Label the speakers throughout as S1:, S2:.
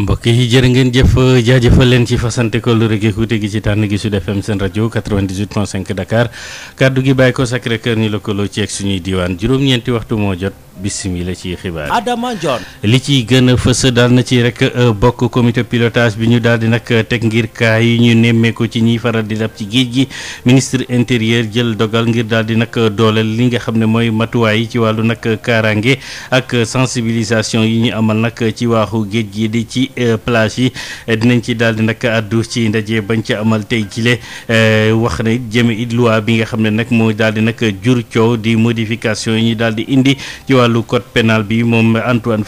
S1: mbokk yi jër ngeen jëf jaajëfal leen ci fasante ko lu rek écouté gi ci tànn gi Sud FM seen rajo 98.5 Dakar kaddu gi bàyyi ko Sacré Cœur ñu lëkkaloo ci ak suñuy diwaan juróom-ñeenti waxtu moo jot. bisimila ci xibaar Adama Ndione li ciy gën a fës daal na ci rek euh, bokk comité pilotage bi ñu daal di nag euh, teg ngir kaa yi ñu nemmeeku ci ñiy faral di dab ci géej gi ministre intérieur jël dogal ngir daal di nag euh, dooleel li nga xam ne mooy matuwaay yi ci wàllu nag kaaraange ak sensibilisation yi ñu amal nag ci waaxu géej gi di ci plage yi dinañ ci daal di nag àddu ci ndaje bañ ci amal tey jile wax ne jëme it loi bi nga xam ne nag moo daal di wàllu code pénal bi moom Antoine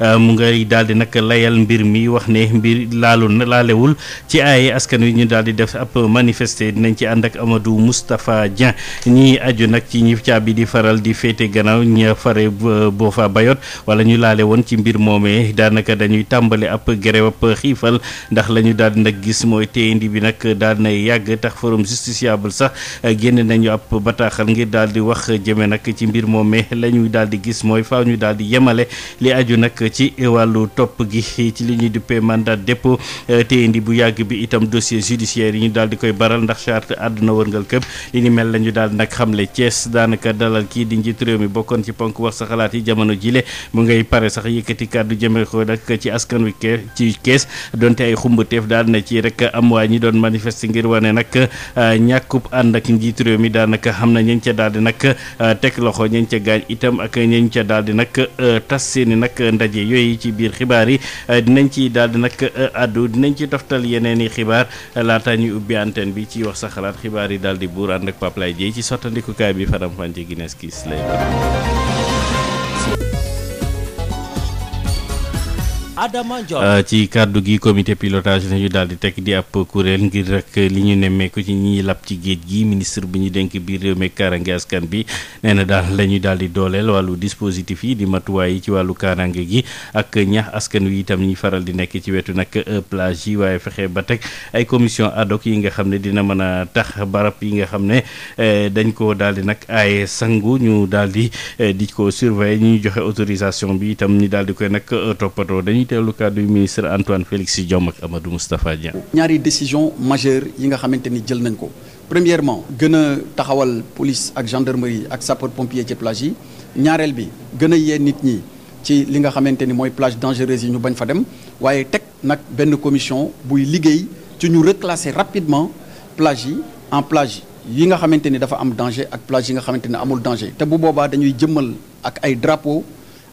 S1: euh, mu ngay daal di nag layal mbir mi wax ne mbir laalu na laalewul ci ay askan wi ñu daal di def ab manifester dinañ ci ànd ak Amadou Moustapha Dieng ñi aju nag ci ñi caabi di faral di féete gannaaw ña fare Boffa Bayotte wala ñu laale woon ci mbir moomee daanaka dañuy tàmbali ab grève ab xiifal ndax lañu ñu daal nag gis mooy téyendi bi nag daal na yàgg tax forum justiciable sax génn nañu ab bataaxal ngir daal wax jëme nag ci mbir moomee daal di gis mooy faaw ñu daal di yemale li aju nag ci wàllu topp gi ci li ñu duppee mandat dépôt eh, te indi bu yàgg bi itam dossier judiciaire yi ñu daal di koy baral ndax charte àdduna wërngal këpp li ni mel la ñu daal nag xamle Thiès daanaka dalal kii di njiit réew mi bokkoon ci ponk wax sa xalaat yi jamono jile mu ngay pare sax yëkkati kàddu jeme ko nag ci askan wi ke ci kees donte ay xumbateef daal na ci rek am waa ñi doon manifester ngir wane nag eh, ñàkkub ànd ak njiit mi daanaka xam eh, ak ñañ ca daal di euh, tas seeni nag ndaje yooyu ci biir xibaar yi euh, dinañ ci daal di nag addu euh, dinañ ci toftal yeneen i xibaar laata ñuy ubbi antenne bi ci wax sa xalaat xibaar yi daal di buur ànd ak Pape Lay Dieye ci sottandikukaay bi faram-fàccee Guinness kii lay Adama Ndione euh, ci kàddu gi comité pilotage la ñu daal di teg di kuréel ngir rek li ñu nemmeeku ci ñiy lap ci géej gi ministre bi ñu dénk biir réew mi kaarange askan bi nee na daal la ñuy daal di dooleel wàllu dispositif yi di matuwaay yi ci wàllu kaarange gi ak ñax askan wi itam ñuy faral di nekk ci wetu nag euh, plage yi waaye fexe ba teg ay commission ad yi nga xam ne dina mën a tax barab yi nga xam ne euh, dañ ko daal di nag ay sangu ñu daal di di ko surveiller ñu joxe autorisation bi itam ñu daal di koy nag toppatoo dañuy ñuy teewlu kàddu yu ministre Antoine Félix Diome ak Amadou Moustapha Dieng.
S2: ñaari décision majeure yi nga xamante ni jël nañ ko premièrement gën a taxawal police ak gendarmerie ak sapeur pompier ci plage yi ñaareel bi gën a yee nit ñi ci li nga xamante ni mooy plage dangereuse yi ñu bañ fa dem waaye teg nag benn commission buy liggéey ci ñu reclasser rapidement plage yi en plage yi nga xamante ni dafa am danger ak plage yi nga xamante ni amul danger te bu boobaa dañuy jëmmal ak ay drapeau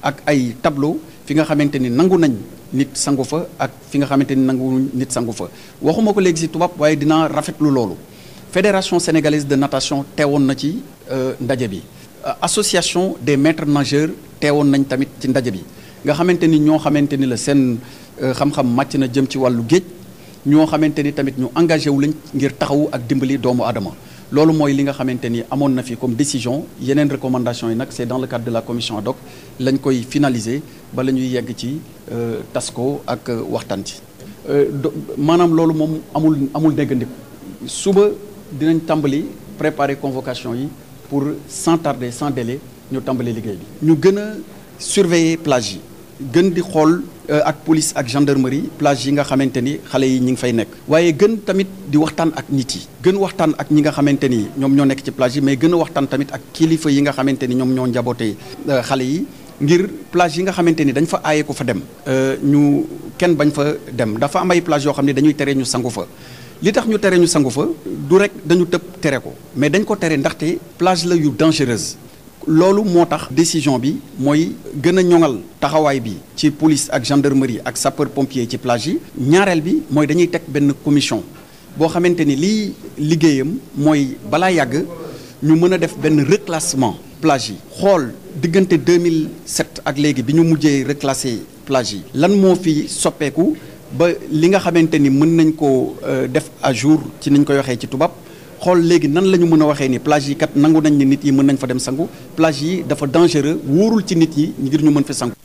S2: ak ay tableau fi nga xamante ni nangu nañ nit sangu fa ak fi nga xamante ni nangu nit sangu fa waxuma ko léegi si tubaab waaye dinaa rafetlu loolu fédération sénégalaise de natation teewoon na ci euh, ndaje bi euh, association des maîtres nageurs teewoon nañ tamit ci ndaje bi nga xamante ni ñoo xamante ni la seen euh, xam-xam màcc na jëm ci wàllu géej ñoo xamante ni tamit ñu engagé wu lañ ngir taxawu ak dimbali doomu aadama loolu mooy li nga xamante ni amoon na fi comme décision yeneen recommandation yi nag c'est dans le cadre de la commission ad hoc lañ koy finaliser bala ñuy yegg ci euh, tas ko ak euh, waxtaan ci euh, maanaam loolu moom amul amul déggandiku suba dinañ tàmbali préparer convocation yi pour sans tarder sans délai ñu tàmbali liggéey bi ñu gën a surveiller plage yi gën di xool Euh, ak police ak gendarmerie plage yi nga xamante ni xale yi ñi ngi fay nekk waaye gën tamit di waxtaan ak nit yi gën waxtaan ak ñi nga xamante ni ñoom ñoo nekk ci plage yi mais gën a waxtaan tamit ak kilifa yi nga xamante ni ñoom ñoo njaboote euh, xale yi ngir plage yi nga xamante ni dañ fa aaye ko fa dem euh, ñu kenn bañ fa dem dafa am ay plage yoo xam ne dañuy tere ñu sangu fa li tax ñu tere ñu sangu fa du rek dañu tëb tere ko mais dañ ko tere ndaxte plage la yu dangereuse loolu moo tax décision bi mooy gën a ñoŋal taxawaay bi ci police ak gendarmerie ak sapeur pompier ci plage yi ñaareel bi mooy dañuy teg benn commission boo xamante ni lii liggéeyam mooy balaa yàgg ñu mën a def benn reclassement plage yi xool diggante 2007 ak léegi bi ñu mujjee reclassé plage yi lan moo fi soppeeku ba li nga xamante ni mën nañ ko euh, def à jour ci niñ koy waxee ci tubaab xool léegi nan la ñu mën a waxee ni plage yi kat nangu nañ ni nit yi mën nañ fa dem sangu plage yi dafa dangereux wóorul ci nit yi ngir ñu mën fi sangu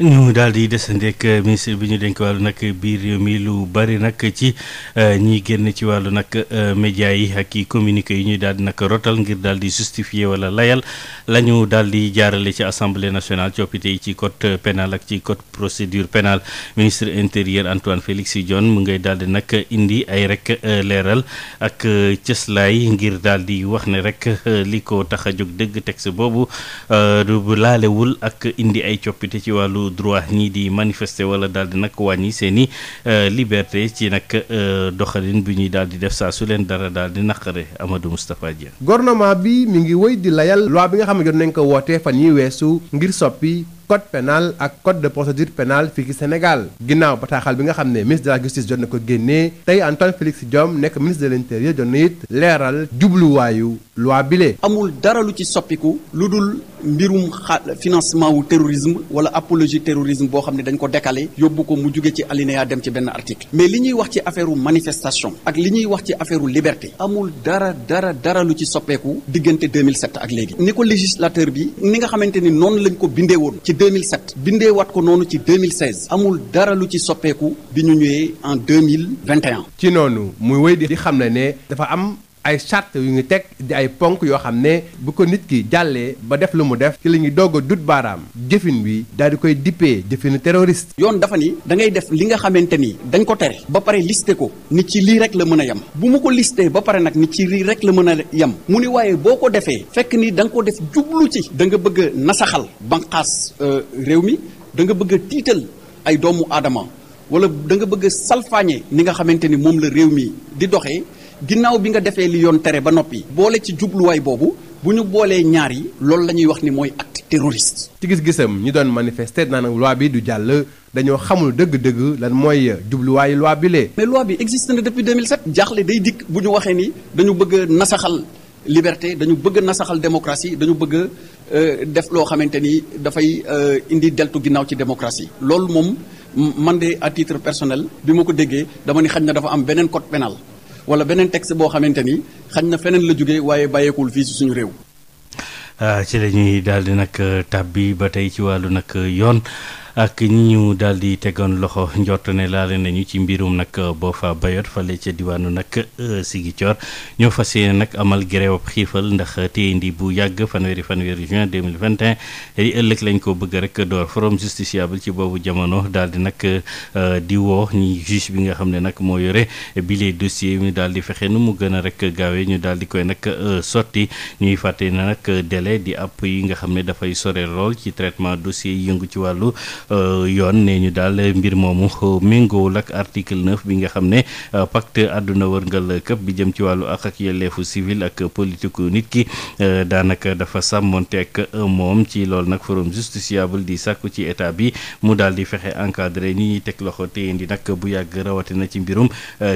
S1: ñu daal di ndekk ministre bi ñu dénk wàllu nag biir réew mi lu bari nag ci euh, ñi génn ci wàllu nag euh, média yi ak i communiqué yi ñuy daal di nag rotal ngir daal di justifier wala layal la ñu daal di jaarale ci assemblée nationale coppite yi ci code pénal ak ci code procédure pénale ministre intérieur Antoine Félix Diome mu ngay daal di nag indi ay rek euh, leeral ak cëslaay ngir daal di wax ne rek li ko tax a jóg dëgg texte boobu du laalewul ak indi ay coppite ci wàllu. seentu droit ñii di manifester wala daal di nag wàññi seen i euh, liberté ci nag euh, doxalin bi ñuy daal di def saa su leen dara daal di naqare Amadou Moustapha Dieng.
S2: gouvernement bi mi ngi wéy di layal loi bi nga xam ne jot nañ ko wootee fan yi weesu ngir soppi. code pénal ak code de procédure pénale fii ci Sénégal ginnaaw bataaxal bi nga xam ne ministre de la justice jot na ko génnee tey Antoine Félix Diome nekk ministre de l'intérieur jot leeral jubluwaayu loi bile. amul dara lu ci soppiku lu dul mbirum xa financement wu terrorisme wala apologie terrorisme boo xam ne dañ ko décalé yóbbu ko mu jóge ci alinéa dem ci benn article mais li ñuy wax ci affaire manifestation ak li ñuy wax ci affaire liberté amul dara dara dara lu ci soppeeku diggante 2007 ak léegi ni ko bi ni nga xamante ni noonu lañ ko bindee woon ci 2007 bindee wat ko noonu ci 2016 amul dara lu ci soppeeku bi ñu ñëwee en 2021. ci noonu muy wéy di xam ne ne dafa am. ay charte yu ñu teg di ay ponk yoo xam ne bu ko nit ki jàllee ba def lu mu def ci la ñuy doog a dut baaraam jëfin wi daal di koy dippee jëfinu terroriste yoon dafa ni dangay def li nga xamante ni dañ ko tere ba pare listé ko nit ci lii rek la mën a yem bu mu ko listé ba pare nag ni ci lii rek la mën a yem mu ne waaye boo ko defee fekk ni danga nga ko def jublu ci da nga bëgg a nasaxal banqaas euh, réew mi da nga bëgg tiital ay doomu aadama wala danga nga bëgg a salfaañe xamante ni moom la réew mi di doxee ginnaaw bi nga defee li yoon tere ba noppi. boole ci jubluwaay boobu bu ñu boolee ñaar yi loolu la ñuy wax ni mooy at terroriste. ci gis-gisam ñi doon manifester naan loi bi du jàll dañoo xamul dëgg-dëgg lan mooy jubluwaayu loi bi lee. bi existe na depuis 2007. jaaxle day dikk bu ñu waxee ni dañu bëgg nasaxal liberté dañu bëgg nasaxal démocratie dañu bëgg a euh, def loo xamante ni dafay euh, indi deltu ginnaaw ci démocratie loolu moom man de à titre bi ma ko déggee dama ni xaj na dafa am beneen code pénal wala beneen texte boo xamante ni xañ na feneen la jóge waaye bàyyeekul fii si suñu réew.
S1: Ah, ci la ñuy daal di nag euh, tàbbi ba tey ci wàllu nag euh, yoon. ak ñi ñu daal di tegoon loxo njort ne laale nañu ci mbirum nag euh, Boffa Bayotte fale ca diwaanu nag euh, Ziguinchor ñoo fas yéene nag amal grève xiifal ndax téye ndi bu yàgg fanweeri fanweeri juin 2021 di ëllëg lañ ko bëgg rek door forum justiciable ci boobu jamono daal di nag euh, di woo ñi juge bi nga xam ne nag moo yore bile dossier ñu daal di fexe nu mu gën a rek gaawee ñu daal di koy nag sotti ñuy fàtte na nag délai di app yi nga xam ne dafay sore lool ci traitement dossier yëngu ci wàllu Euh, yoon nee ñu daal mbir moomu méngoowul ak article 9 bi nga xam ne euh, pacte àdduna wërngal këpp bi jëm ci wàllu ak ak yelleefu civil ak politique nit ki euh, daanaka dafa sàmmonte ak moom ci loolu nag forum justiciable di sàkku ci état bi mu daal di fexe encadré ni ñuy teg loxo téyandi nag bu yàgg rawatina ci mbirum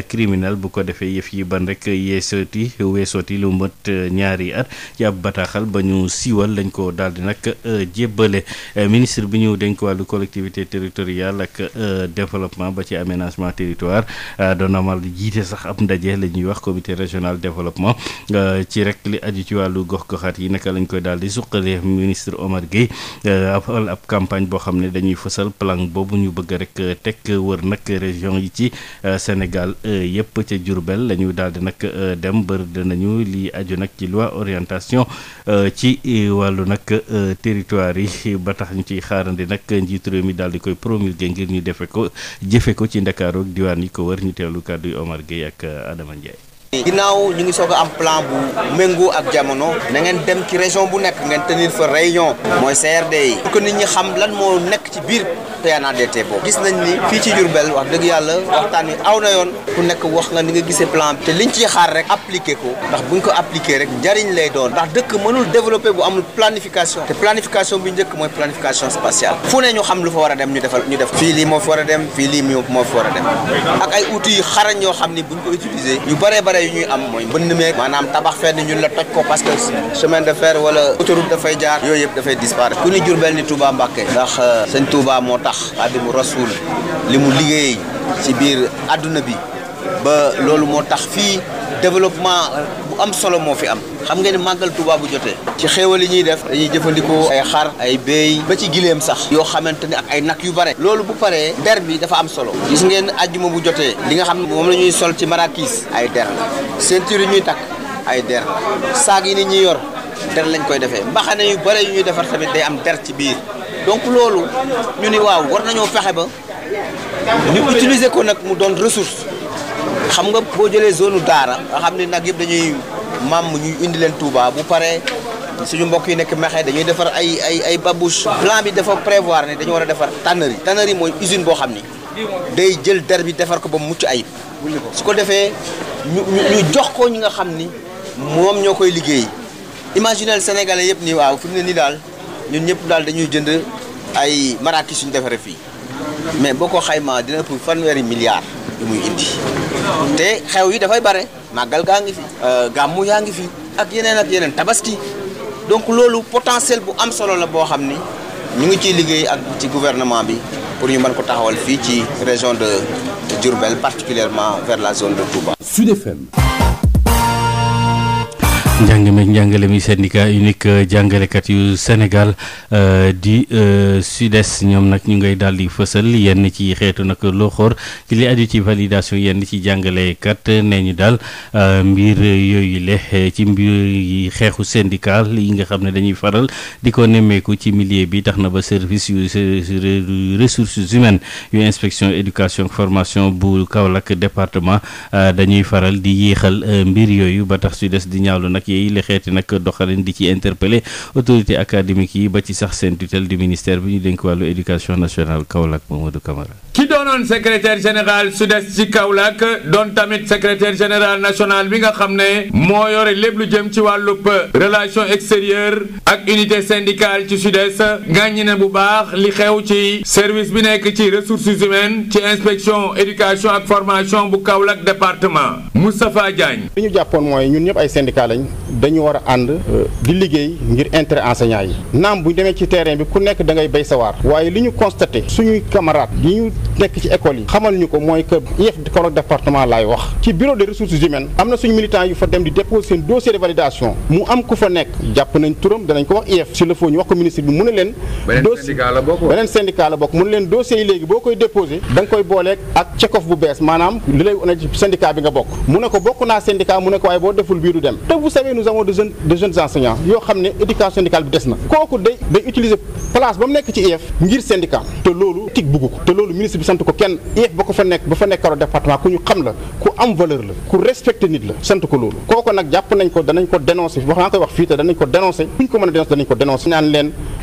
S1: criminel bu ko defee yëf yi ban rek yeesooti weesooti lu mët ñaari at ci ab bataaxal ba ñu siiwal lañ ko daal di nag jébbale ministre bi ñu dénk wàllu collectivité territoriale ak euh, développement ba ci aménagement territoire euh, doon jiite sax ab ndaje la ñuy wax comité régional développement euh, ci rek li aju ci wàllu gox-goxaat yi naka lañ koy daal di suqalee ministre Omar Gueye ab campagne boo xam ne dañuy fësal plan boobu ñu bëgg rek teg wër nag région yi ci Sénégal yëpp ca Diourbel la ñu daal di nag dem bër dinañu li aju nag ci loi orientation ci wàllu nag territoire yi ba tax ñu ciy xaarandi nag njiitu njiitu réew mi daal di koy promulgué ngir ñu defe ko jëfe ko ci Ndakaaru ak diwaan yi ko wër ñu teelu kàddu yi Omar Gueye ak Adama Ndiaye. ginnaaw
S3: ñu ngi soog a am plan bu méngoo ak jamono na dem ci région bu nekk ngeen tenir fa réunion mooy CRD yi pour que nit ñi xam lan moo nekk ci biir PNADT boobu gis nañ ni kii ci Diourbel wax dëgg yàlla waxtaan wi aw na yoon ku nekk wax nga ni nga gisee plan bi te liñ ciy xaar rek appliqué ko ndax buñ ko appliqué rek njariñ lay doon ndax dëkk mënul développé bu amul planification te planification bu njëkk mooy planification spatiale fu ne ñu a dem ñu defal ñu def fii lii moo fi fii lii moo fi frais yu ñuy am mooy mbënd meeg maanaam tabax fenn ñun la toj ko parce que de fer wala autoroute dafay jaar yooyu yëpp dafay disparaître ku ni Jurbel ni Touba Mbàkke ndax euh, sëñ Touba moo tax Xaadimu Rasuul li mu liggéey ci biir àdduna bi ba loolu moo tax fii développement bu am solo moo fi am xam nga ne màggal Tuuba bu jotee ci xéewal yi ñuy def dañuy jëfandikoo ay xar ay béy ba ci gileem sax yoo xamante ne ak ay nag yu bare loolu bu paree der bi dafa am solo gis ngeen àjjuma bu jotee li nga xam ne moom la ñuy sol ci marakiis ay der la ceinture yi ñuy takk ay der la saag yi nit ñi yor der lañ koy defee mbaxane yu bare yu ñuy defar tamit day am der ci biir donc loolu ñu ni waaw war nañoo fexe ba ñu utiliser ko nag mu doon ressource xam nga boo jëlee zone daara nga xam ne nag yëpp dañuy maam ñuy indi leen Touba bu pare suñu mbokk yi nekk mexe dañuy defar ay ay ay babouche plan bi dafa prévoir ne dañu war a defar tannerie tannerie mooy usine boo xam ni day jël der bi defar ko ba mucc ayib su ko defee ñu jox ko ñi nga xam ni moom ñoo koy liggéey imaginel sénégalais yëpp nii waaw fi ne nii daal ñun ñëpp daal dañuy jënd ay maraaki suñu defaree fii mais boo ko xaymaa dina pour fanweeri milliards lu muy indi te xew yi dafay bare màggal gaa ngi fi euh, gàmmu yaa ngi fi ak yeneen ak yeneen tabaski donc loolu potentiel bu am solo la boo xam ni ñu ngi ciy liggéey ak ci gouvernement bi pour ñu mën ko taxawal fii ci région de Diourbel particulièrement vers la zone de Touba.
S1: Sud FM. njàng njàngale mi syndicat unique euh, jàngalekat yu Sénégal euh, di euh, SUDES ñoom nag ñu ngay daal di fësal yenn ci xeetu nag loo xoor ci li aju ci validation yenn ci jàngalekat nee ñu daal mbir yooyu le ci mbir yi xeexu syndical yi nga xam ne dañuy faral di ko nemmeeku ci milieu bi tax na ba service yu ressources humaines yu inspection éducation formation bu Kaolack département dañuy faral di yéexal mbir yooyu ba tax SUDES di ñaawlu nag ak yooyu li nag doxalin di ci interpellé autorité académique yi ba ci sax seen tutelle du ministère bi ñu dénk wàllu éducation nationale Kaolack Mamadou Camara
S4: ki doonoon secrétaire général sud-est ci Kaolack doon tamit secretaire général national bi nga xam ne moo yore lépp lu jëm ci wàllub relation extérieure ak unité syndicale ci sud-est gàññi na bu baax li xew ci service bi nekk ci ressources humaines ci inspection éducation ak formation bu Kaolack département Moustapha Diagne. li ñu jàppoon mooy ñun ñëpp ay syndicat lañ dañu war ànd euh, di liggéey ngir intérêt enseignant yi naam bu demee ci terrain bi ku nekk da ngay béy sa waaye li ñu constaté suñuy camarades nekk ci école yi xamal ñu ko mooy que IEF Kaolack département laay wax ci bureau de ressources humaines am na suñ militant yu fa dem di déposer seen dossier de validation mu am ku fa nekk jàpp nañ turam danañ ko wax IEF sur le fond ñu wax ko ministre bi mu ne leen beneen syndicat la bokk mu ne leen dossier yi léegi boo koy déposé da koy booleeg ak check bu bees maanaam li lay ne ci syndicat bi nga bokk mu ne ko bokk naa syndicat mu ne ko waaye boo deful sant ko kenn IEF ba ko fa nekk ba fa nekkaro département ku ñu xam la ku am valeur la ku respecté nit la sant ko loolu kooku nag jàpp nañ ko danañ ko dénoncé wax koy wax fii te danañ ko dénoncé bu ñu ko mën a dénoncé danañ ko dénoncé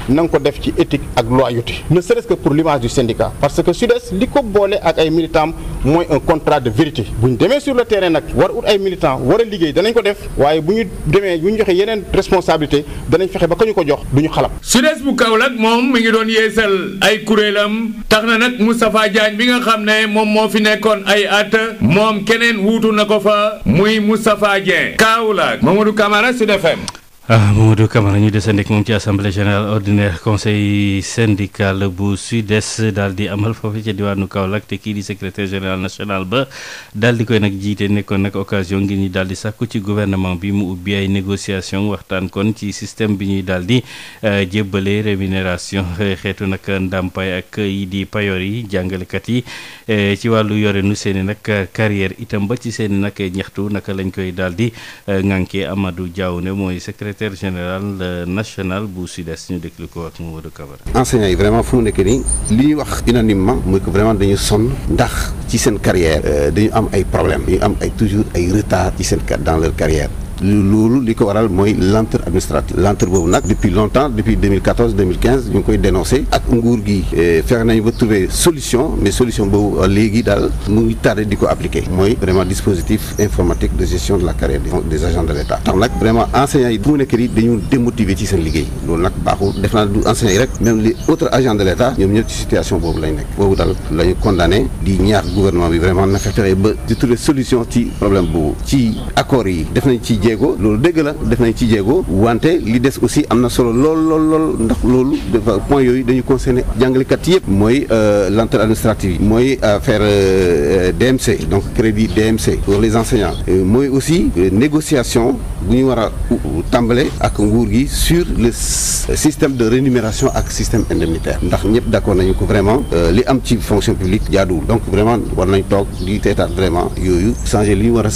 S4: nanga ko def ci éthique ak loyauté ne serait-ce que pour l'image du syndicat parce que SUDES li ko boole ak ay militants mooy un contrat de vérité bu ñu demee sur le terrain nag war ut ay militants war a liggéey danañ ko def waaye bu ñu demee bu ñu joxee yeneen responsabilité danañ fexe ba ko ñu ko jox du ñu xalam SUDES bu Kaolack moom mi ngi doon yeesal ay kuréelam tax na nag Moustapha Diagne bi nga xam ne moom moo fi nekkoon ay at moom keneen wuutu na ko fa muy Moustapha Dieng Kaolack Mamadou Camara Sud FM
S1: ah Mamadou Camara ñu desandik moom ci assemblée générale ordinaire conseil syndical bu SUDES daal di amal foofu ca diwaanu Kaolack te kii di secretaire général national ba daal di koy nag jiite nekkoon nag occasion ngir ñi daal di sàkku ci gouvernement bi mu ubbi ay négociation waxtaan kon ci système bi ñuy daal di eh, jébbale rémunération eh, xeetu nag ndàmpaay ak yi di payoor yi jàngalekat yi eh, ci wàllu yore nu seen i nag carrière itam ba ci seen i nag ñaxtu naka lañ koy daal di ŋànkee secrétaire général euh, nationale bu SUDES ñu déglu ko ak Mamadou Camara.
S5: enseignants yi vraiment fu mu nekk nii li ñuy wax unanimement mooy que vraiment dañu sonn ndax ci seen carrière euh, dañu am ay problèmes dañu am ay toujours ay retard ci seen dans leur carrière loolu li ko waral mooy lenteur administrative lenteur boobu nag depuis longtemps depuis 2014 2015 ñu ngi koy dénoncé ak nguur gi eh, fexe nañu ba trouver solution mais solution boobu euh, léegi daal mu ngi tardé di ko appliqué mooy vraiment dispositif informatique de gestion de la carrière des agents de l'État tax nag vraiment enseignants yi bu mu nekk nii dañu démotivé ci seen liggéey loolu nag baaxul def naa du enseignants yi rek même les autres agents de l'État ñoom ñëpp na fexe ba di trouver solution ci problème yi ci jéego loolu dégg la def nañ ci jéego wante li des aussi am na solo lool lool lool ndax loolu dafa point yooyu dañu concerné jàngalekat yëpp mooy euh, lenteur administrative yi mooy affaire euh, euh, DMC donc crédit DMC pour les enseignants mooy aussi négociation bu ñu war a tàmbale ak nguur gi sur le système de rémunération ak système indemnitaire ndax ñëpp d'accord nañu ko vraiment li am ci fonction publique jaaduwul donc vraiment war nañ toog di teetaat vraiment yooyu changer li ñu war a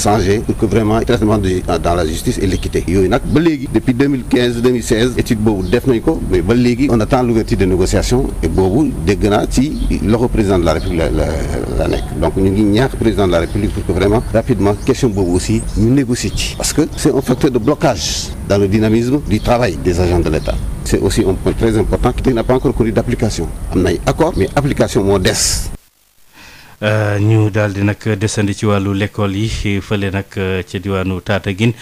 S5: justice et l'équité yooyu nag ba léegi depuis 2015 2016 étude boobu def nañ ko mais ba léegi on attend l'ouverture de négociation et boobu dégg naa ci loxo président de la république la la donc ñu ngi ñaax président de la république pour que vraiment rapidement question boobu aussi ñu négocier ci parce que c'est un facteur de blocage dans le dynamisme du travail des agents de l'État c'est aussi un point très important qui n'a pas encore connu
S1: Euh, ñu daal di nag desandi ci wàllu l'école yi fële nag euh, euh, ca diwaanu taata gin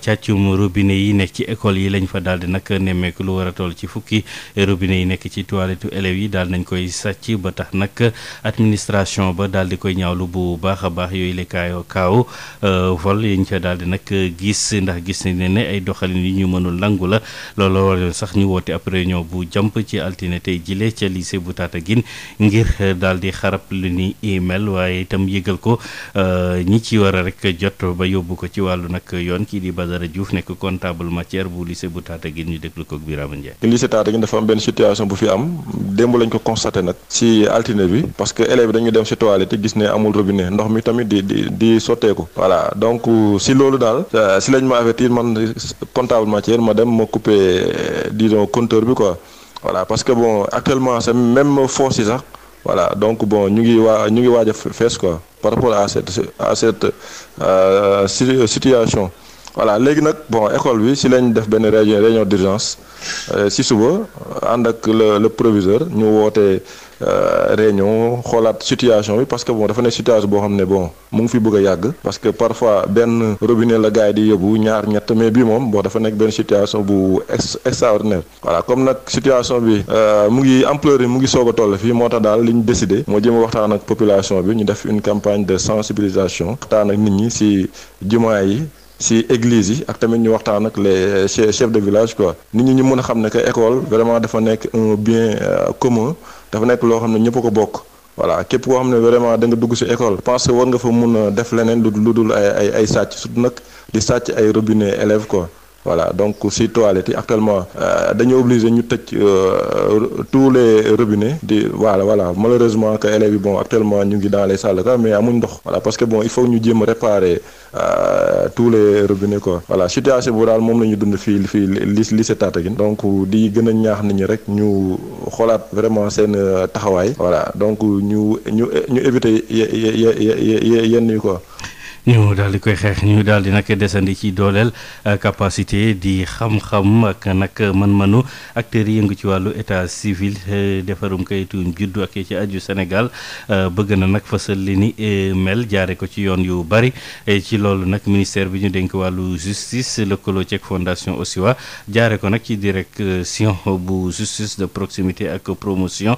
S1: càccum robine yi nekk ci école yi lañu fa daal di nag nemmeeku lu war a toll ci fukki robinet yi nekk ci toilettu élèves yi daal nañ koy sàcc ba tax nag administration ba daal di koy ñaawlu bu baax a baax yooyu la kaayoo kaaw vol yi ñu ca daal di nag gis ndax gis nañ ne ay doxalin yu ñu mënul nangu la looloo waral sax ñu woote ab réunion bu jàmp ci altine tey jile ca lycée bu Tataguine ngir daal di xarab ni mel waaye itam yëgal ko euh, ñi ci war rek jot ba yóbbu ko ci wàllu nag yoon kii di Badara Diouf nekk comptable matière bu lycée bu Tataguine ñu déglu ko ak Birame Ndiaye.
S6: lycée Tataguine dafa am benn situation bu fi am démb lañ ko constaté ci bi parce que élèves dañu dem ci toilette gis ne amul robinet ndox mi tamit di di di sotteeku voilà donc ci loolu daal si euh, lañ ma avertir man comptable matière ma dem ma coupé disons compteur bi quoi voilà parce que bon actuellement c'est même foos sax. voilà donc bon ñu ngi waa ñu ngi waaj a fees quoi par rapport à cette à cette euh, situation voilà léegi nag bon école bi si lañ def benn réunion réunion d'urgence si euh, suba ànd ak le le proviseur ñu woote euh, réunion xoolaat situation bi parce que bon dafa ne situation boo xam ne bon mu ngi fi bëgg a yàgg. parce que parfois benn robinet la gars yi di yóbbu ñaar ñett mais bii moom bon dafa nekk benn situation bu ex extraordinaire. voilà comme nag situation bi euh, mu ngi ampleur mu ngi soog toll fii moo tax daal li ñu décidé moo jëm waxtaan ak population bi ñu def une campagne de sensibilisation waxtaan ak nit ñi si jumaa yi. si église yi ak tamit ñu waxtaan ak les euh, chefs de village quoi nit ñi ñu mën a xam ne que école vraiment dafa nekk un bien euh, commun dafa nekk loo xam ne ñëpp ko bokk voilà képp koo xam ne vraiment da nga dugg si école pense que war nga fa mun a def leneen lu dul ay ay ay sàcc surtout nag di sàcc ay robinet élèves quoi voilà donc si toilettes yi actuellement euh, dañoo obligé ñu tëj euh, tous les robinets di voilà voilà malheureusement que élèves yi bon actuellement ñu ngi dans les salles quoi mais amuñ ndox voilà parce que bon il faut ñu jéem a réparer euh, tous les robinets quoi voilà situation bu daal moom la ñu dund fii fii lycée lycée Tataguine donc di gën a ñaax nit ñi rek ñu xoolaat vraiment seen taxawaay voilà donc ñu ñu ñu éviter yenn yi quoi
S1: ñu daal di koy xeex ñu daal di nag desandi ci dooleel euh, capacité di xam-xam ak nag man manu acteurs yëngu ci wàllu état civil euh, defarum kayitum juddu ak ci aju Sénégal euh, bëgg na nag fësal li ni mel jaare ko ci yoon yu bari ci loolu nag ministère bi ñu dénk wàllu justice lëkkaloo ceeg fondation Osiwa jaare ko nag ci direction bu justice de proximité ak promotion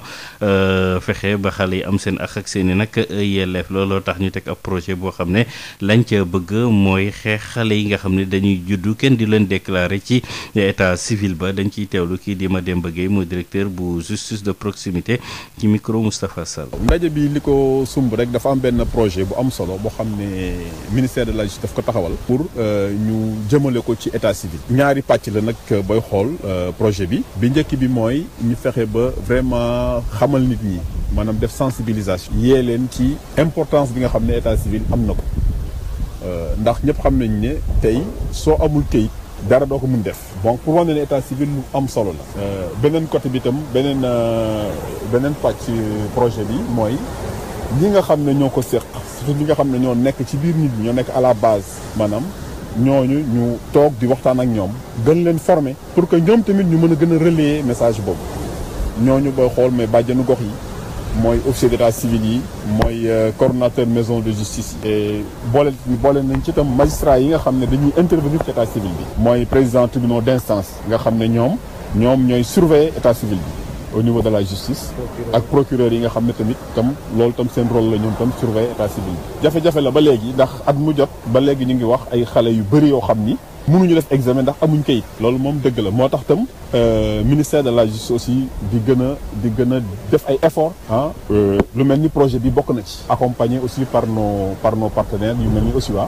S1: fexe ba xale yi am seen ak ak seen i nag looloo tax ñu teg ab projet boo xam ne lañ ca bëgg mooy xeex xale yi nga xam ne dañuy juddu kenn di leen déclarer ci état civil ba dañ ciy teewlu kii di ma Mademba Gueye mooy directeur bu justice de proximité ci micro Moustapha Sall.
S7: ndaje bi li ko sumb rek dafa am benn projet bu am solo boo xam ne ministère de la justice daf ko taxawal. pour euh, ñu jëmale ko ci état civil. ñaari pàcc la nag euh, booy xool euh, projet bi. bi njëkk bi mooy ñu fexe ba vraiment xamal nit ñi maanaam def sensibilisation. yee leen ci importance bi nga xam ne am na ko. Euh, ndax ñëpp xam nañ ne tey soo amul këyit dara doo ko mun def donc pour wane ne état civil lu am solo la euh, beneen côté bi itam beneen euh, beneen pàcc projet bi mooy ñi nga xam ne ñoo ko séq surtout ñi nga xam ne ñoo nekk ci biir nit ñoo nekk à la base maanaam ñoo ñu ñu toog di waxtaan ak ñoom gën leen former pour que ñoom tamit ñu mën a gën a relayer message boobu ñoo ñu booy xool mais bàjjenu gox yi mooy officier d'état civil yi mooy euh, coordonnateur maison de justice et boole booleel nañ ci itam magistrat yi nga xam ne dañuy intervenir ci état civil bi mooy président tribunal d'instance nga xam ne ñoom ñoom ñooy surveiller état civil bi au niveau de la justice ak procureur yi nga xam ne tamit tam loolu tam seen rôle la ñoom tam surveiller état civil bi jafe-jafe la ba léegi ndax at mu jot ba léegi ñu ngi wax ay xale yu bëri yoo xam ni mënuñu def examen ndax amuñ kayit loolu moom dëgg la moo tax tam euh, ministère de la justice aussi di gën a di gën a def ay efforts ah euh, lu mel ni projet bi bokk na ci accompagné aussi par nos par nos partenaires yu mel ni aussi waa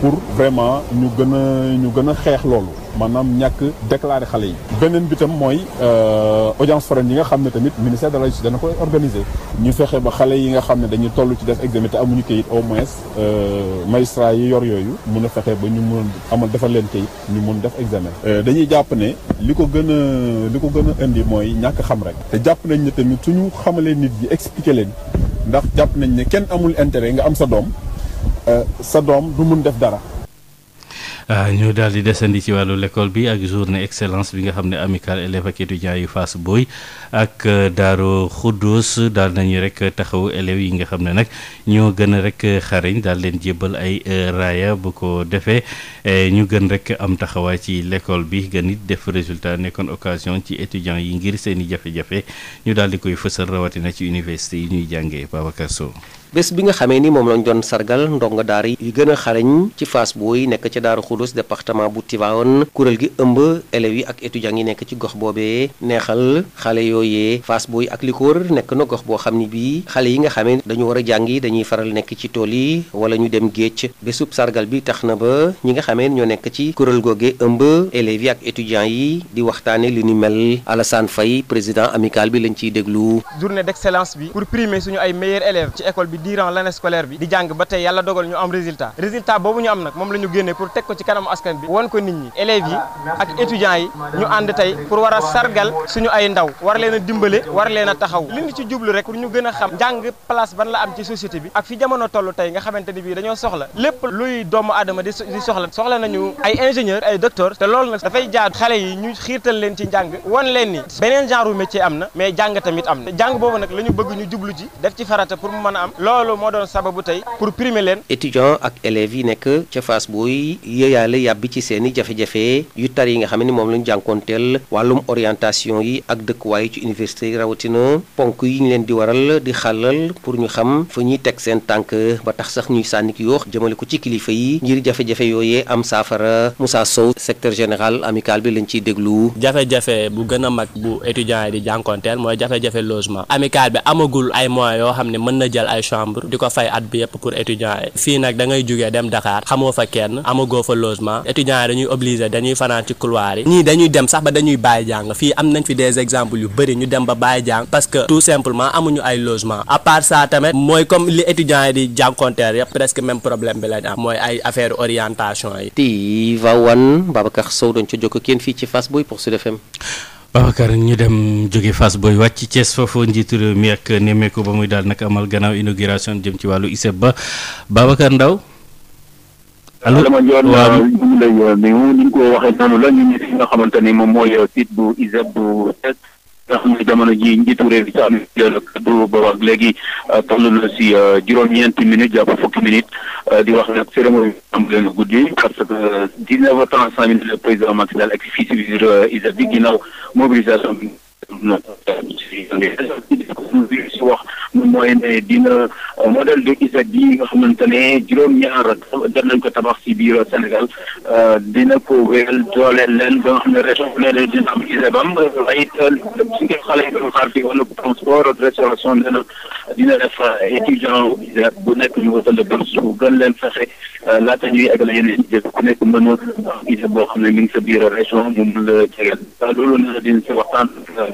S7: pour vraiment ñu gën a ñu gën a xeex loolu maanaam ñàkk déclaré xale yi beneen bi tam mooy euh, audience foraine yi nga xam ne tamit ministère de la justice dana koy organiser ñu fexe ba xale yi nga xam ne dañuy toll ci def examen te amuñu kayit au moins euh, magistrat yi yor yooyu mun a fexe ba ñu mun amal defal leen kayit ñu mun def examen euh, dañuy jàpp ne li ko gën a li ko gën a indi mooy ñàkk xam rek te jàpp nañ ne tamit suñu xamalee nit yi expliquer leen ndax jàpp nañ ne kenn amul intérêt nga am sa doom sa doom du mun def dara
S1: Euh, ñu daal di desandi ci wàllu lekkool bi ak journée excellence bi nga xam ne amicale élèves ak étudiants yu Fass booy ak euh, Daaru Xuddoos daal nañu rek taxawu élèves yi nga xam ne nag ñoo gën a rek xariñ daal leen jébbal ay euh, raaya bu ko defee ñu gën rek am taxawaay ci lekkool bi gën it def résultat nekkoon occasion ci étudiants yi ngir seen i jafe-jafe ñu daal di koy fësal rawatina ci université yi ñuy jàngee Babacar
S8: bés bi nga xamee ni moom lañ doon sargal ndongo daara yu gën a xarañ ci Fass Boye nekk ca Daaru Xudus département bu Tivaouane kuréel gi ëmb élèves yi ak étudiants yi nekk ci gox boobe neexal xale yooyee Fass Boye ak li ko nekk na gox boo xam ni bii xale yi nga xamee dañu war a yi dañuy faral nekk ci tool yi wala ñu dem géej bésub sargal bi tax na ba ñi nga xamee ñoo nekk ci kuréel googe ëmb élèves yi ak étudiants yi di waxtaane li ni mel Alassane Faye président amical bi lañ ciy déglu
S6: durant l'année scolaire bi di jàng ba tey yàlla dogal ñu am résultat résultat boobu ñu am nag moom la génnee pour teg ko ci kanamu askan bi won ko nit ñi élèves yi ak étudiants yi ñu ànd tey pour war a sargal suñu ay ndaw war leen a dimbale war leen a taxaw li ñu ci jublu rek pour ñu gën a xam njàng place ban la am ci société bi ak fi jamono toll tey nga xamante ni bii dañoo soxla lépp luy doomu aadama di soxla soxla nañu ay ingénieur ay docteur te loolu nag dafay jaadu xale yi ñu xiirtal leen ci njàng won leen ni beneen genre métier am na mais jàng tamit am na jàng boobu nag la ñu bëgg ñu jublu ci loolu moo doon sababu tey
S8: pour primer leen. étudiants ak élèves yi nekk ca Fass Boye yéeyaale yàbbi ci seen i jafe-jafe yu tar yi nga xam ne moom lañu jànkoonteel wàllum orientation yi ak dëkkuwaay ci université yi rawatina ponk yi ñu leen di waral di xàllal pour ñu xam fu ñuy teg seen tànk ba tax sax ñuy sànni ki yoox jëmale ko ci kilifa yi ngir jafe-jafe yooyee am saafara Moussa Sow secteur général amical bi lañ ciy déglu. jafe-jafe bu gën a mag bu étudiants yi di jànkoonteel mooy jafe décembre di
S1: ko fay at bi yëpp pour étudiants yi fii nag da ngay jugee dem Dakar xamoo fa kenn amagoo fa logement étudiants yi dañuy obligé dañuy fanaan ci couloir yi ñii dañuy dem sax ba dañuy bàyyi jàng fii am nañ fi des exemples yu bëri ñu dem ba bàyyi jàng parce que tout simplement amuñu ay logement à part tamit mooy comme li
S8: étudiants yi di jànkonteer yëpp presque même problème bi lañ am mooy ay affaire orientation yi. Tivaouane Babacar Sow dañ ca jokk
S1: Babacar ñu dem jóge fas booy wàcc Thiès foofu njiitu réew mi ak nemmeeku ba muy daal nag amal gannaaw inauguration jëm ci wàllu ISEP ba Babacar Ndaw allo Adama Ndione waaw ñu ngi lay
S9: ni ñu ko waxee noonu la ñu ngi fi nga xamante ni moom mooy site bu ISEP bu Thiès ndax muy jamono ji njiitu réew bi si euh, euh, euh, di wax nag cérémonie am leen guddi parce que dix neuf heures trente cinq mooy ne dina modèle de ISRA bi nga xamante ne juróom-ñaar def nañ ko tabax. ci biir Sénégal euh, dina ko wéyal dooleel leen ba nga xam ne région bu ne dina am ISEBAM ay suñ ko xale yi doon a fii wala transport a dina dina def euh, étudiant ISEB bu nekk ñu wutal la bourse bu gën leen fexe euh, laata ñuy eggale a ISEB ku nekk mën a am ISEB boo xam ne mi ngi sa biir région ñu mën la jegeel loolu nag dina si waxtaan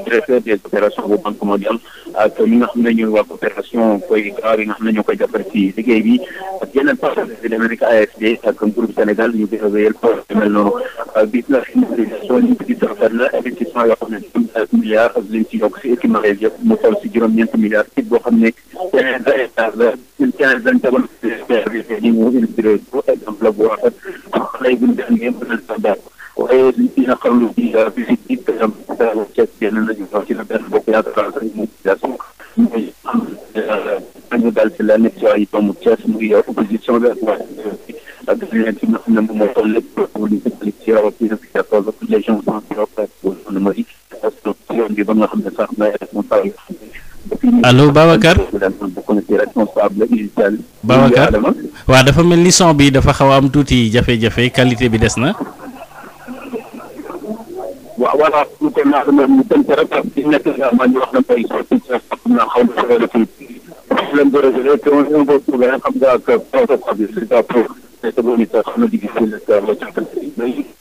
S9: directeur des bu banque mondiale ak ñi nga xam ne ñooy waa coopération koy gaaw yi nga xam ne ñoo koy jàppale ci liggéey bi ak yeneen partenaires yi demee ni AFD ak groupe Sénégal ñu gën a wéyal projet mel noonu euh, gis na mobilisation liñ ci rafet la investissement yoo xam ne juróom-ñeenti milliards ak liñ ci yokk si équipement yëpp mu toll si juróom-ñeenti milliards ci boo xam ne quinze hectares la une quinzaine tabax ñu mu illustré ko exemple bu rafet am xale bu ñu def ngeen bëgg a dàq waaye liñ ci naqarlu ci euh, visite bi par exemple Thiès génn nañu wax ci la benn bokk yaakaar mobilisation ñu dal ci lenn ci ay doomu Thiès mu ngi yor opposition bi ak waa ak leen ba nga xam ne sax na responsable allo
S1: dafa mel ni son bi dafa xaw a am tuuti jafe-jafe qualité bi des na
S9: voilà ñu koy naan ñu dem ko rek di nekk man ñu wax na tey sotti xam naa xaw na solo la fii wax leen ko réglé te on est un peu trouvé xam nga que protocole bi c'est ça pour te tamit xam na di gis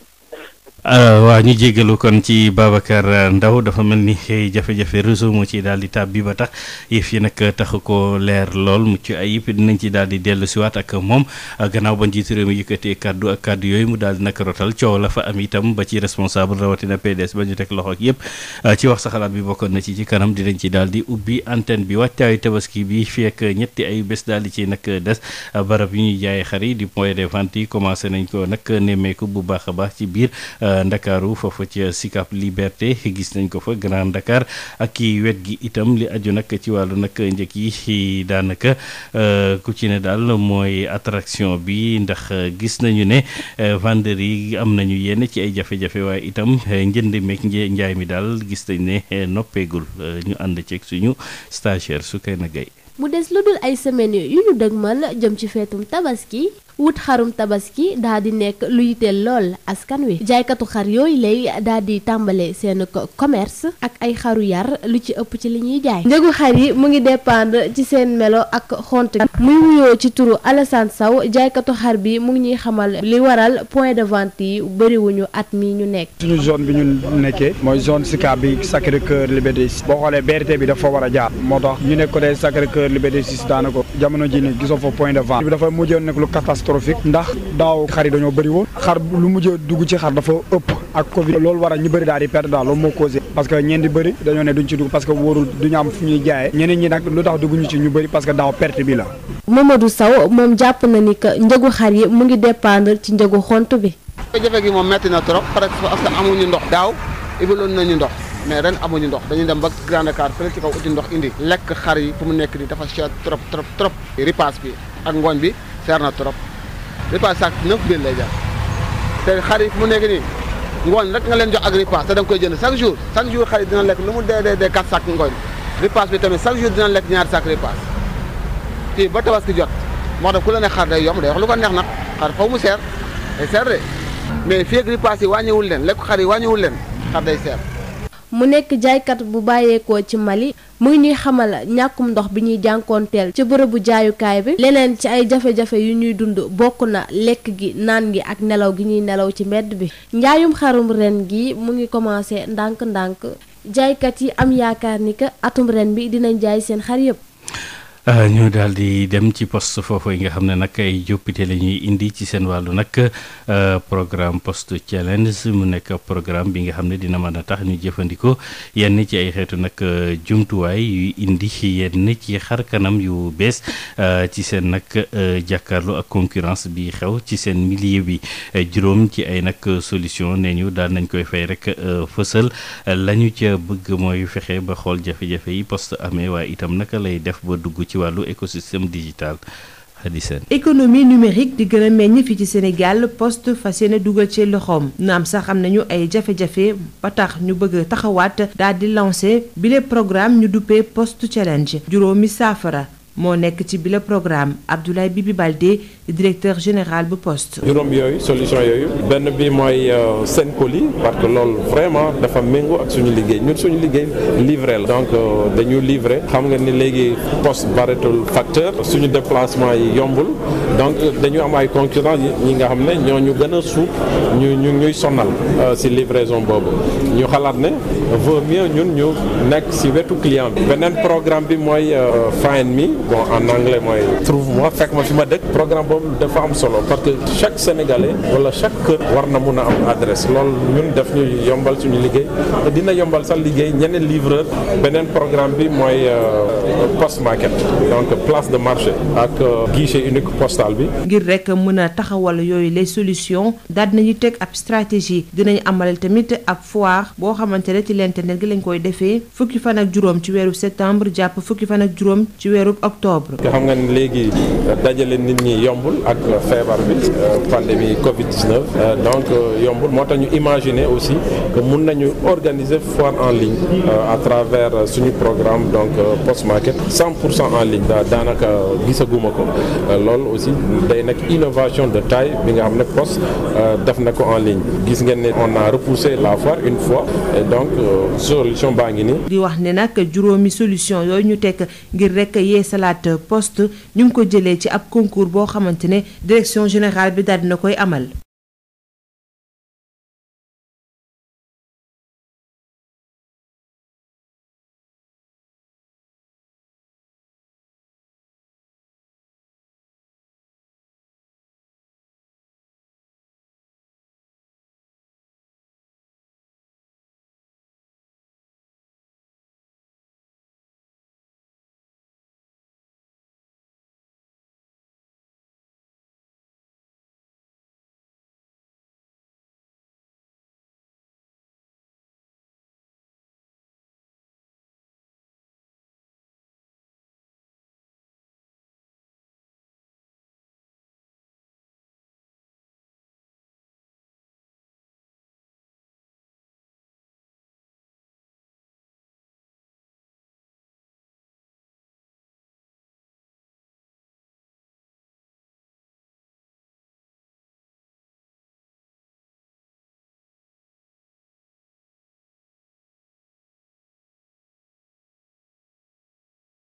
S1: Euh, waaw ñu jéggalu kon ci Babacar Ndaw dafa mel ni xëy jafe-jafe réseau moo ci daal di tàb bi ba tax yëf nag taxu ko leer lool mucc ayib dinañ ci daal di dellu siwaat ak moom gannaaw ba njiitu réew mi yëkkatee kaddu ak kaddu yooyu mu daal di nag rotal coow la fa am itam ba ci responsable rawatina PDS ba ñu tek loxo ak yëpp euh, ci wax sa xalaat bi bokkoon na ci ci kanam dinañ ci daal di ubbi antenne bi wàccaayu tabaski bi fii ñetti ay bés daal di ci nag des barab yu ñuy jaayee xar yi de vente yi commencé nañ ko nag nemmeeku bu baax a ndakaaru foofu ci Sicap Liberté gis nañ ko fa Grand Dakar ak ki wet gi itam li aju nag ci wàllu nag njëkk yi daanaka euh, ku ci ne daal mooy attraction bi ndax gis nañu ne euh, vendeur yi am nañu yenn ci ay jafe-jafe waaye itam euh, njënd meeg njaay mi daal gis nañ ne noppeegul ñu ànd ceeg suñu stagiaire su kay gay
S10: wut xarum tabaski daa di nekk lu yiteel lool askan wi jaaykatu xar yooyu lay daa di tàmbale seen commerce ak ay xaru yar lu ci ëpp ci li ñuy jaay njëgu xar yi mu ngi dépendre ci seen melo ak xont muy wuyoo ci turu Alassane Sow jaaykatu xar bi mu ngi ñuy xamal li waral point de vente yi bëriwuñu at mi ñu nekk
S4: suñu zone bi ñu nekkee mooy zone Sicap bi Sacré Cœur Liberté boo xoolee BRT bi dafa war a jaar moo tax ñu nekk ko dee Sacré Cœur Liberté catastrophique ndax daaw xar yi dañoo bëri woon xar lu mujj a dugg ci xar dafa ëpp ak Covid loolu waral ñu bëri daal di perte daal loolu moo causé parce que ñeen di bëri dañoo ne duñ ci dugg parce que wóorul duñu am fu ñuy jaayee ñeneen ñi nag lu tax dugguñu ci ñu bëri parce que daaw perte bi la
S10: Mamadou Sow moom jàpp na ni que njëgu xar yi mu ngi dépendre ci njëgu xont bi
S5: jafe gi moom metti na trop parce que amuñu ndox daaw ibaloon nañu ndox mais ren amuñu ndox dañuy dem ba Grand Dakar ndox indi lekk xar yi fu mu nekk nii dafa cher trop trop trop ripaas bi ak ngooñ bi seer na trop repas sac neuf mille lay jar te xar mu nekk nii ngooñ rek nga leen jox ak repas te da nga koy jënd chaque jour chaque jour xar yi dina lekk lu mu dee dee dee quatre sac ngooñ repas bi tamit chaque jour dina lekk ñaari sac repas fii ba tabaski jot moo tax ku la ne xar day yomb day wax lu ko neex nag xar faw mu seer day seer de mais fii ak repas yi wàññiwul leen lekk xar yi wàññiwul leen xar day seer
S10: mu nekk jaaykat bu bàyyeekoo ci Mali mu ngi ñuy xamal ñàkkum ndox bi ñuy jànkoonteel ci bërëbu jaayukaay bi leneen ci ay jafe-jafe yu ñuy dund bokk na lekk gi naan gi ak nelaw gi ñuy nelaw ci mbedd bi njaayum xarum ren gi mu ngi commencé ndànk-ndànk jaaykat yi am yaakaar ni que atum ren bi dinañ jaay seen xar yëpp
S1: Ah, ñu daal di dem ci poste foofu yi nga xam ne nag ay joppite la ñuy indi ci seen wàllu nag ah, programme poste challenge mu nekk programme bi nga xam ne dina mën a tax ñu jëfandikoo yenn ci ay xeetu nag ah, jumtuwaay yuy indi yenn ci xar kanam yu bees ci seen nag jàkkaarloo ak concurrence bi xew ci seen milieu bi juróom ci ay nag solution nee ñu daal nañ koy fay rek fësal lañu ca bëgg mooy fexe ba xool jafe-jafe yi poste amee waaye itam naka lay def ba dugg ci ci wàllu écosystème digital Hadisène
S10: économie numérique di gën a meññ fii ci Sénégal post fa yéene dugal ci loxoom naam sax am nañu ay jafe-jafe ba tax ñu bëgg a taxawaat daal di lancé bile programme ñu duppee poste challenge juróomi saafara moo nekk ci bile programme Abdoulaye Bibi Baldé directeur général bu poste.
S11: juróom yooyu solution yooyu benn bi mooy euh, seen colis parce que loolu vraiment dafa méngoo ak suñu liggéey ñun suñu liggéey livre la donc euh, dañu livré xam nga ni léegi poste bareetul facteur suñu déplacement yi yombul donc euh, dañu am ay concurrents ñi nga xam ne ñoo ñu gën a suuf ñu ñu ñuy sonal si livraison boobu ñu xalaat ne vaut ñun ñu nekk si wetu client bi beneen programme bi mooy fin mi bon en anglais mooy trouve moi fekk ma fi ma dëkk programme boobu dafa am solo parce que chaque sénégalais wala chaque kër war na mun a am adresse loolu ñun def ñu yombal suñu liggéey te dina yombal sax liggéey ñeneen livreur beneen programme bi mooy euh, post market donc place de marché ak euh, guichet unique postal bi.
S10: ngir rek mën a taxawal yooyu les solutions daal ñu teg ab stratégie dinañu amal tamit ab foire boo xamante ne ci l'internet gi lañ koy defee fukki fan ak juróom ci weeru septembre jàpp fukki fan ak juróom ci weeru octobre octobre.
S11: xam nga ne léegi euh, dajale nit ñi yombul ak feebar bi euh, pandémie Covid 19 euh, donc yombul moo tax ñu imaginer aussi que mun nañu organiser foire en ligne à travers suñu programme donc post market 100 cent en ligne daanaka gisaguma ko loolu aussi day nag innovation de taille bi nga xam ne post def na ko en ligne gis ngeen ne on a la foire une fois et donc solution baa ngi nii.
S10: di wax ne nag juróomi solution yooyu ñu teg ngir rek yeesala. xalaat poste ñu ngi ko jëlee ci ab concours boo xamante ne direction générale bi daal dina koy amal.